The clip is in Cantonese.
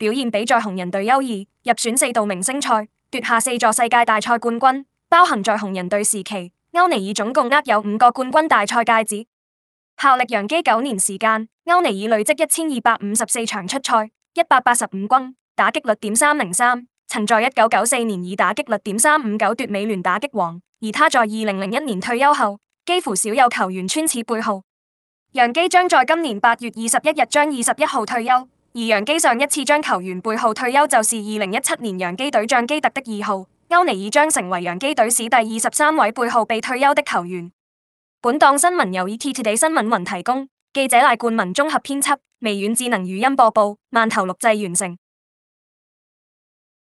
表現比在紅人隊優異，入選四度明星賽，奪下四座世界大賽冠軍。包含在紅人隊時期，歐尼爾總共握有五個冠軍大賽戒指。效力洋基九年時間，歐尼爾累積一千二百五十四場出賽，一百八十五軍，打擊率點三零三。曾在一九九四年以打擊率點三五九奪美聯打擊王。而他在二零零一年退休後，幾乎少有球員穿此背號。洋基將在今年八月二十一日將二十一號退休。而洋基上一次將球員背號退休，就是二零一七年洋基隊長基特的二號。歐尼爾將成為洋基隊史第二十三位背號被退休的球員。本檔新聞由 ETtoday 新聞雲提供，記者賴冠文綜合編輯，微軟智能語音播報，萬頭錄製完成。